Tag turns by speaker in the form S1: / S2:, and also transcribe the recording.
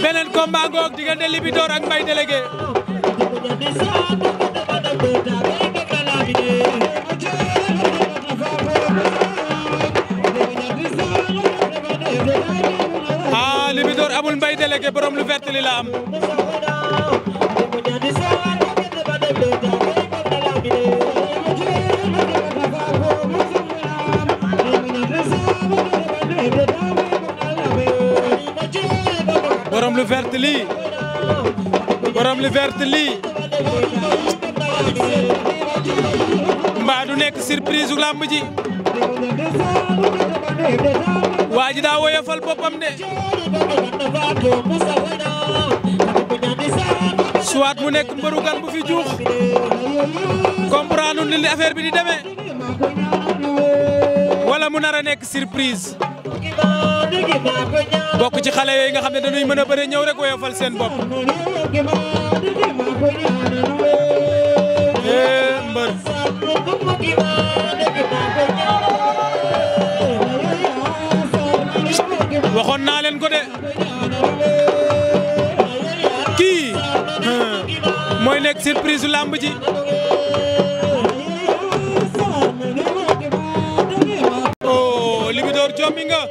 S1: beneen combat goog diggante Libidor ak Mbaye délégué ah Libidor amul Mbaye délégué borom lu vert borom lu vert lii borom lu vert lii mbaa nekk surprise u làmb daa woyofal boppam de soit mu nekk mbëru gan bu fi juux comprendre ni affaire bi di demee wala mu nar nekk surprise bokk ci xale yooyu nga xam ne dañuy mën a bëre ñëw rek woyofal seen bopp. eh mbër. waxoon naa leen ko de. kii. Hmm, mooy nekk surprise lamb ji. Jor jommi nga